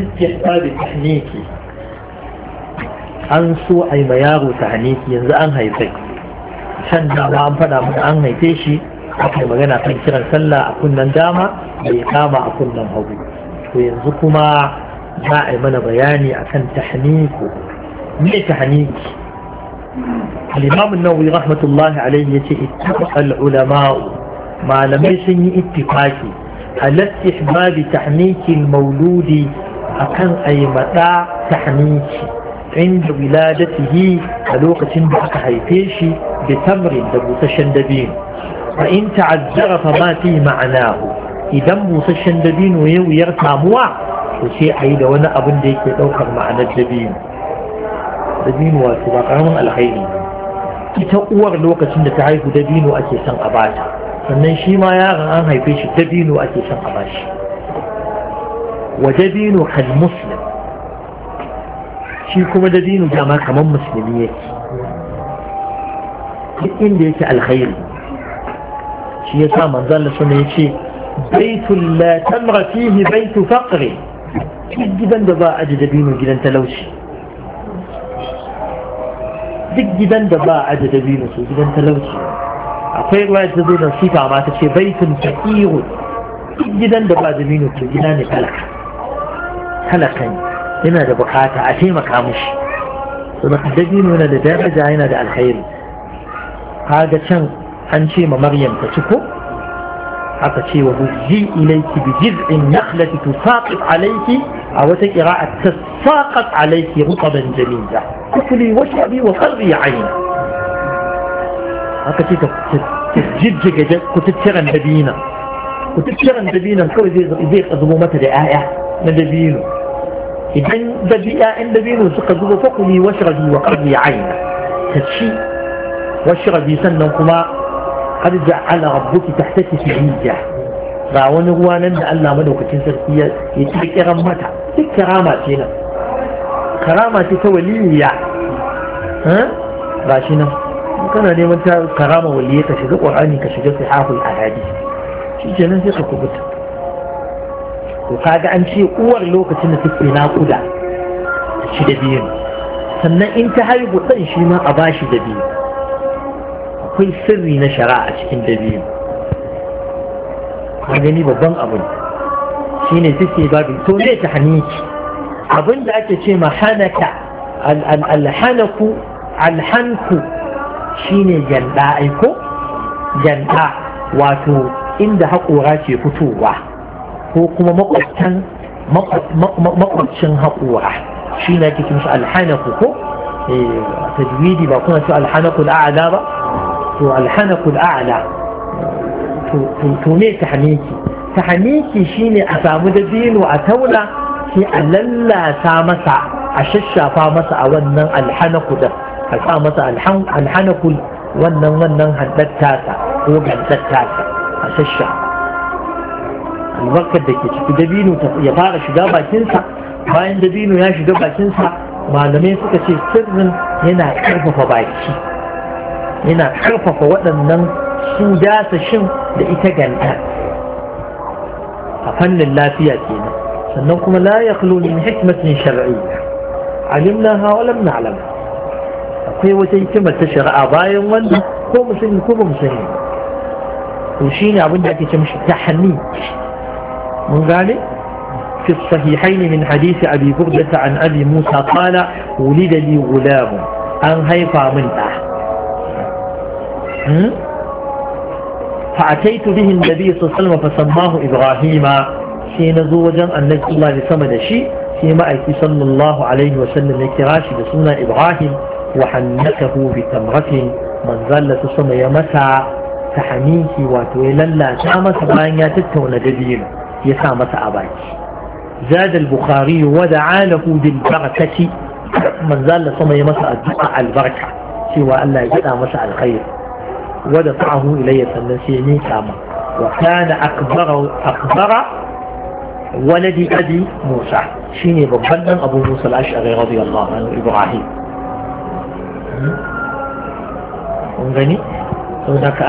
istihbab tahniki an so ai ma yaro tahniki yanzu an haife can da an faɗa mana an haife shi aka magana kan kiran sallah a kunnen dama bai kama a kunnen hagu to yanzu kuma za a yi mana bayani akan tahniku me tahniki الإمام النووي رحمة الله عليه يتي اتفق العلماء ما لم يسني اتفاقي على استحباب تحنيك المولود akan ta tahmiki inda wiladatihi a lokacin da aka haife shi da tamrin da busashen dabino a in ta'azzara fa ma fi ma'anahu idan busashen dabino ya wuyar samuwa to sai a yi da wani abin da yake daukar ma'anar dabino dabino wato ba karamin alkhairi ita uwar lokacin da ta haihu dabino ake son a bata sannan shi ma yaron an haife shi dabino ake son a bashi ودبينه كالمسلم shi kuma da dinu dama kamar musulmi yake duk inda yake alkhairi shi ya sa manzan da suna ya ce baitul la tamra fihi baitu faqri duk gidan da ba a ji dabino gidan talauci duk gidan da ba a ji dabino su gidan talauci akwai ruwa ta zo da sifa ma ta ce baitun faqiru duk gidan da ba dabino to gida ne talaka هلكين لما ده بقاتا عثيمك عمش سمت دجين ونا لدابة زاينة ده الخير هذا شن أنشيم مريم تشكو حتى شي وهزي إليك بجذع النخلة تساقط عليك أو تكراء تساقط عليك رطبا جميلا كفلي وشعبي وفري عين حتى شي تجد جد كنت تشغن بدينا كنت تشغن بدينا كوزي زيق أظلومة رآية na dabino idan dabi ƴaƴan dabino suka zuba fakuli rabi wa qarri aina ka ci rabi sannan kuma qad ja'ala rabbuki tahtaki sujja ga wani ruwa nan da Allah madaukakin sarki ya ci kiran mata duk karama ce nan karama ce ta waliya ba shi nan kana neman ta karama waliya ka shiga qur'ani ka shiga sahihul ahadith shi kenan sai ka kubuta to kaga an ce uwar lokacin da take naƙuda shi da biyu sannan in ta haihu ɗan shi ma a bashi da biyu akwai sirri na shari'a cikin da biyu ka gani babban abu ne shi ne take babu to ne ta haniki abin da ake ce ma hanaka alhanaku alhanku shi ne ganda aiko Ganda? wato inda haƙora ke fitowa ko kuma makwabtan makwabcin haƙura shi na yake kinsu alhanaku ko eh, tajwidi ba kuna su alhanaku al'ala ba to alhanaku al'ala to ne ta haneki ta haneki shi ne a samu da dabino a taula sai a lallata masa a shashafa masa a wannan alhanaku da a sa masa alhanaku wannan wannan handattasa ko gantattasa a shashafa albarkar da ke ciki dabino ya fara shiga bakinsa bayan dabino ya shiga bakinsa malamai suka ce sirrin yana karfafa baki yana karfafa waɗannan su dasashin da ita ganta a fannin lafiya kenan sannan kuma la ya min hikmatin shar'iyya alimnaha wa na na'lam akwai wata hikimar ta shari'a bayan wanda ko musulmi ko ba musulmi to shine abin da ake ce mishi tahni من ذلك في الصحيحين من حديث أبي بردة عن أبي موسى قال ولد لي غلام أن هيفا من أه فأتيت به النبي صلى الله عليه وسلم فسماه إبراهيم حين زوجا النبي صلى الله عليه وسلم شيء فيما أتي صلى الله عليه وسلم يكراش بسنة إبراهيم وحنكه بتمرة من ظل تصم يمسع تحميه وتولى لا تعمس بأن يتتون دبينه يسامة أباك زاد البخاري ودعا له بالبركة من زال لصمي يمسا الدعاء البركة سوى أن لا يجدع مسا الخير ودفعه إلي سنسيني كاما وكان أكبر أكبر ولد أبي موسى شيني ببنا أبو موسى الأشعري رضي الله عنه إبراهيم ungani sau da ka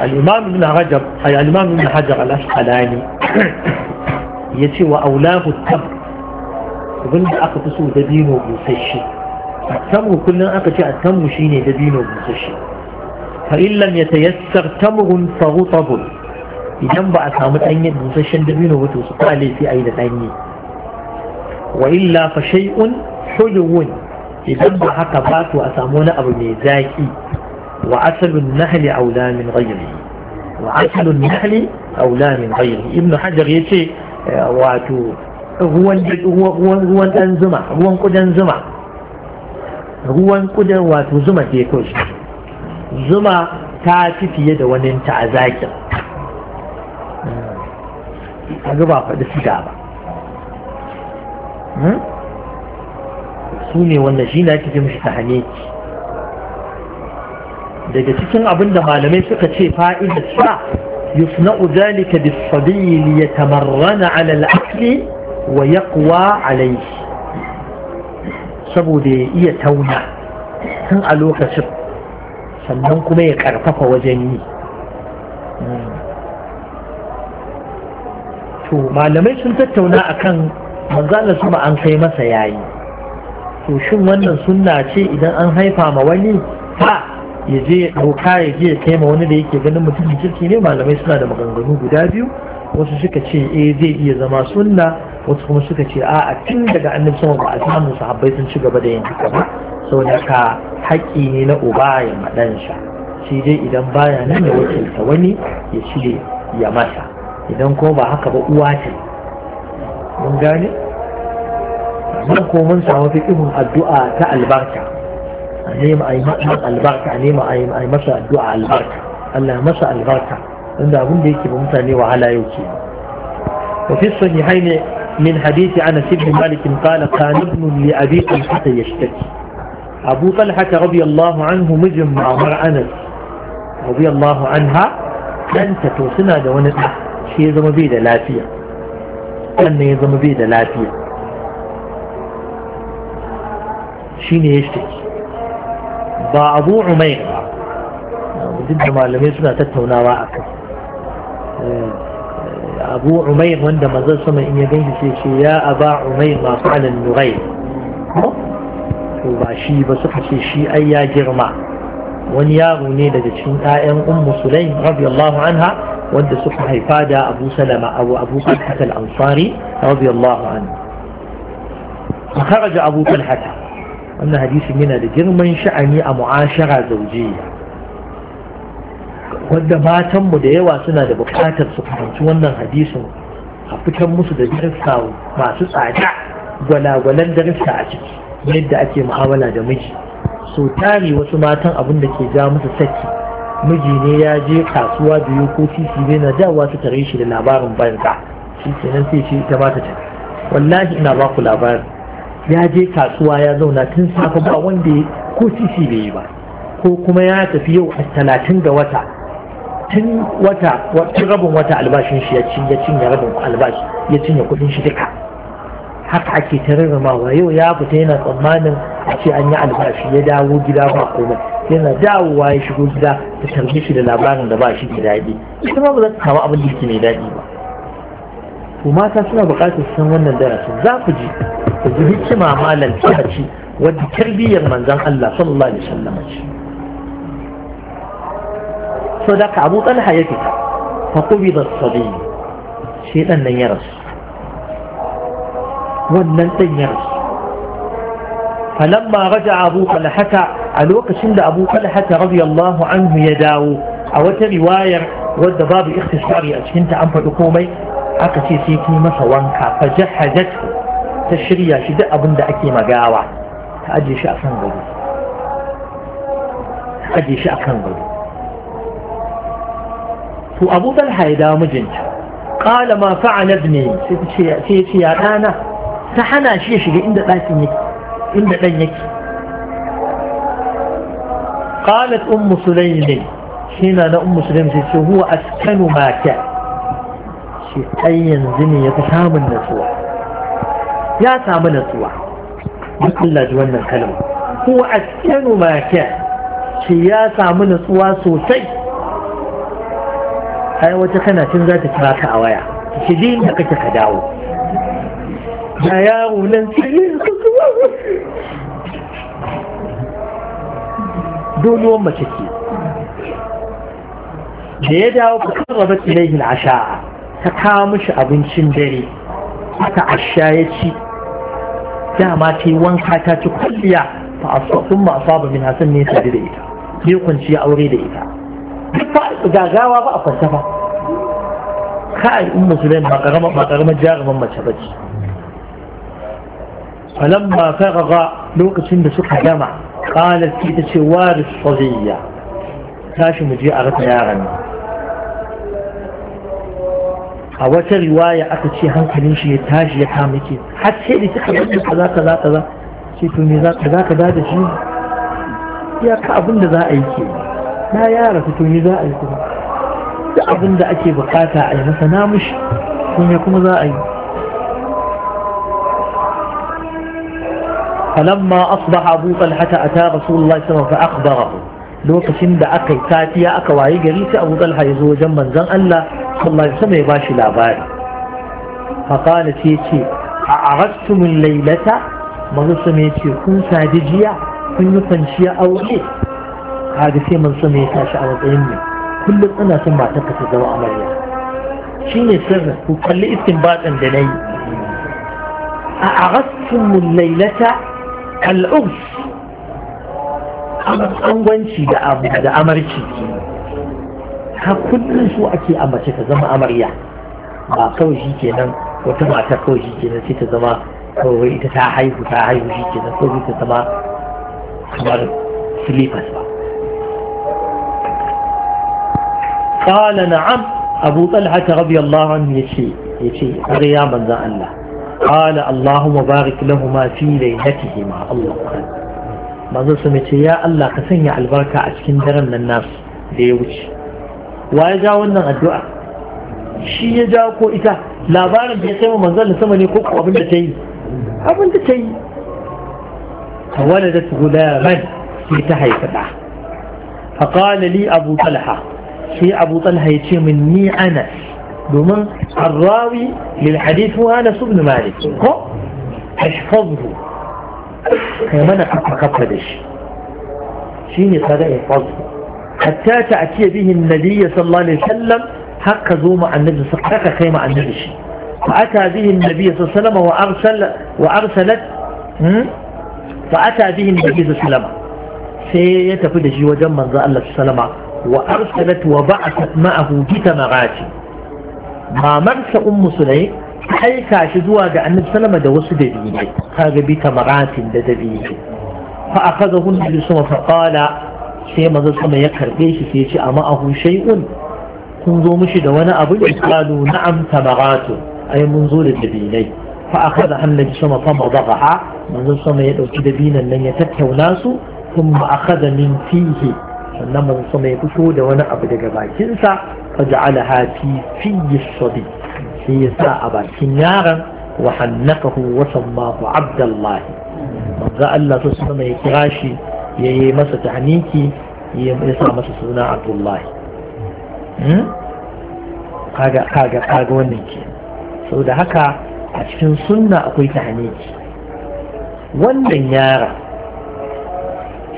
al'imam ibn hajar al'imam hajar ya ce wa aulahu tab abin da aka fi so dabino A tamu kullum aka ce a tamu shine dabino busasshe fa illam yatayassar tamrun fa rutabun idan ba a samu ɗanye busashen dabino ba su kwale sai a yi da ɗanye wa illa fa shay'un idan ba haka ba to a samu wani abu mai zaƙi. وعسل النهل أولى من غيره وعسل النهل أولى من غيره ابن حجر يتي واتو ruwan ɗan zuma zuma ta fi fiye da wani ta a zakin a gaba faɗi siga ba su wannan shi na haneki daga cikin abin da malamai suka ce fa'ida sa yusna zalika bis-sabiy li yatamarrana 'ala al wa yaqwa alaihi saboda ya iya tauna tun a lokacin sannan kuma ya karfafa wajen yi to malamai sun tattauna akan su sama an kai masa yayi to shin wannan sunna ce idan an haifa ma wani ha ya je ya ya je kai ma wani da yake ganin mutumin kirki ne malamai suna da maganganu guda biyu wasu suka ce eh zai iya zama sunna wasu kuma suka ce a a tun daga annabi sama ba a samu habbai sun ci gaba da yin haka ba saboda ka haƙƙi ne na uba ya sha shi dai idan baya nan ya wakilta wani ya shirya ya masa idan ko ba haka ba uwa ce mun gane mun ko mun samu fiƙihun addu'a ta albarka نيم أي a yi masa albarka أي nema a yi masa addu'a albarka Allah masa albarka wanda abin da yake وفي الصحيحين من حديث عن بن مالك قال كان ابن لأبي طلحة يشتكي أبو طلحة رضي الله عنه مجمع مر أنس رضي الله عنها لن تتوسنا دون شيء يزم بيدا لا فيه لن يزم بيدا لا فيه شيء يشتكي ba abu umair ba duk da malamai suna tattaunawa a eh, abu umair wanda mazan sama in ya ganshi sai ce ya aba umair masu alin nurai to ba shi ba suka ce shi ai ya girma wani yaro ne daga cikin 'ya'yan ummu sulaim radiyallahu anha wanda suka haifa da abu salama abu abu talhat al-ansari radiyallahu anhu فخرج أبو طلحة wannan hadisin yana da girman sha'ani a mu'ashara zaujiyya wadda matanmu da yawa suna da bukatar su fahimci wannan hadisin a fitar musu da darussa masu tsada gwalagwalan darussa a ciki yadda ake mu'amala da miji so wasu matan abin da ke ja musu saki miji ne ya je kasuwa biyu ko titi ne na dawa su tare shi da labarin banza shi kenan sai shi ita ba ta wallahi ina ba ku labarin ya je kasuwa ya zauna tun safe ba wanda ko sisi bai yi ba ko kuma ya tafi yau a talatin da wata tun wata wata rabin wata albashin shi ya cinye rabin albashi ya cinye kudin shi duka haka ake ta rarramawa yau ya fita yana tsammanin a ce an yi albashi ya dawo gida ba komai yana dawowa ya shigo gida ta tarbe shi da labarin da ba shi da daɗi ita ma ba za ta samu abin da yake mai daɗi ba to mata suna buƙatar san wannan darasin za ku ji da zubi kima malar ce wadda tarbiyyar manzan Allah sallallahu alaihi wasallam ce so da ka abu talha ya fita fa qubida as-sabi shi dan nan ya rasu wannan dan ya rasu falamma raja abu talhata a lokacin da abu talhata radiyallahu anhu ya dawo a wata riwayar wadda babu ikhtisari a cikin ta an faɗi komai aka ce sai ki masa wanka fa jahajatu ta shirya shi duk abin da ake magawa ta ajiye shi a kan gado ta ajiye shi a kan gado to abu talha ya dawo mijinta qala ma fa'ala ibni sai ce ya dana ta hana shi ya shiga inda ɗakin yake inda ɗan yake قالت أم سليم حين أنا أم سليم هو أسكن ما كان شيء أي زني يتسامى النسوة ya samu natsuwa duk Allah ji wannan kalma huwa askanu ma kan shi ya samu natsuwa sosai ai wata kana cin za ta kira ka a waya ki ji kake ka dawo ya yaro nan doluwan mace ke? da ya dawo ka karraba ilaihi asha? ta kawo mishi abincin dare haka asha ya ci dama ta yi wanka ta ci kwalliya fa sun ma asaba min hasan ne ta da ita bai kunci aure da ita duk gagawa ba a kwanta ba kai in musulmi ba karamar ba karamar jaruman mace ba ce falamma faragha lokacin da suka gama qalat ita ce waris tashi mu je a rasa yaran nan a wata riwaya aka ce hankalin shi ya tashi ya kama ke har sai da suka zai kaza kaza kaza ce to me za ka za ka da shi ya ka abin da za a yi ke na yara to me za a yi kuma duk abin da ake bukata a yi masa na mushi kun ya kuma za a yi فلما أصبح أبو طلحة أتى رسول الله صلى الله عليه وسلم فأخبره lokacin da aka yi safiya aka waye gari sai abu talha ya zo wajen manzon Allah sallallahu alaihi wasallam ya ba shi labari faqala sai ce a arastumul laylata manzon sama ya ce kun sadi jiya kun yi kwanciya aure ga sai manzon sama ya tashi a matsayin ne kullum ana son matar ka ta zama amarya shine sirrin ku kalli istinbatin da nayi a arastumul laylata al'urs angwanci da amarci ka kullum su ake amace ta zama amarya ba kawai shi kenan wata mata kawai shi kenan sai ta zama kawai ita ta haihu ta haihu shi kenan kawai ta zama kamar silifas ba قال نعم أبو طلحة رضي ya ce يشي يشي أريا من ذا الله قال اللهم بارك لهما في manzo su ce ya Allah ka sanya albarka a cikin daren nan nasu da ya wuce wa ya ja wannan addu'a shi ya ja ko ita labarin da ya sai manzon da sama ne ko abin da ta yi abin da ta yi tawaladat gulaman sai ta haifa da faqala li abu talha sai abu talha ya ce min ni anas domin arrawi lil hadith wa anas ibn malik ko ihfazhu kai mana aka kafa da shi shi ne ta ga'in falsu ta a ce bihin nabiya sallallahu alaihi sallam haka zo ma annabi su haka kai ma annabi shi fa ata bihin nabiya sallallahu alaihi sallam wa arsalat hmm? fa ata bihin nabiya sallallahu alaihi sallam sai ya tafi da shi wajen manzo Allah sallallahu alaihi wa arsalat wa ba'athat ma'ahu bi tamarati ma marsa ummu sulaim aika shi zuwa ga annabi sallama da wasu dalilai kaga bi tamaratin da dalilai fa akhadahu nabi sallama fa qala sai manzo sama ya karbe shi sai ya ce amma ahu shay'un kun zo mishi da wani abu ne qalu na'am tamaratu ai mun zo da dalilai fa akhadha annabi sallama fa madagha manzo sama ya dauki dabinan nan ya tattauna su kuma akaza min fihi sannan manzo sama ya fito da wani abu daga bakinsa fa ja'alaha fi fi sabi sai ya sa a bakin yaron wa hannakahu wa sammahu abdallah manzo Allah su suna ya kira shi ya yi masa tahniki ya sa masa suna abdullahi hmm? kaga kaga kaga wannan ke saboda haka a cikin sunna akwai tahniki wannan yara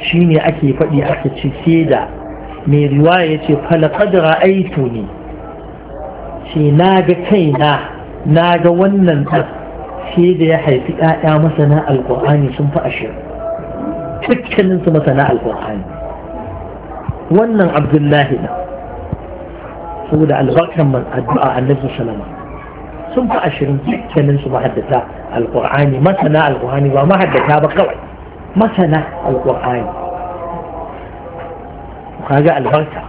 shine ake faɗi aka ce da mai riwaya yace ce falakad ra'aitu ne ce na ga kaina na ga wannan ɗan sai da ya haifi ɗaya masana alƙur'ani sun fi ashirin dukkaninsu masana alƙur'ani wannan abdullahi na saboda albarkan man addu'a annabi salama sun fi ashirin dukkaninsu mahaddata alƙur'ani masana alƙur'ani ba mahaddata ba kawai masana alƙur'ani kaga albarka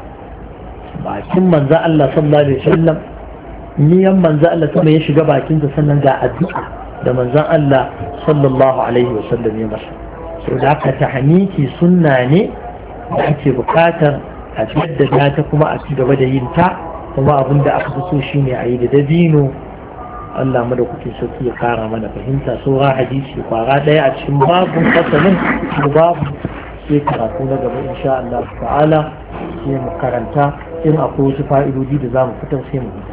bakin manzan Allah sallallahu alaihi wasallam niyan manzo Allah sama ya shiga bakin sa sannan ga addu'a da manzon Allah sallallahu alaihi wasallam ya masa so da haka tahniki sunna ne da ake bukatar a jaddada ta kuma a ci gaba da yin ta kuma abin da aka fi shi shine a yi da dabino Allah madaukakin sarki ya kara mana fahimta saura hadisi kwara daya a cikin babu fasalin babu sai karatu na gaba insha Allah ta'ala sai mu karanta in akwai wasu fa'idodi da za mu fitar sai mu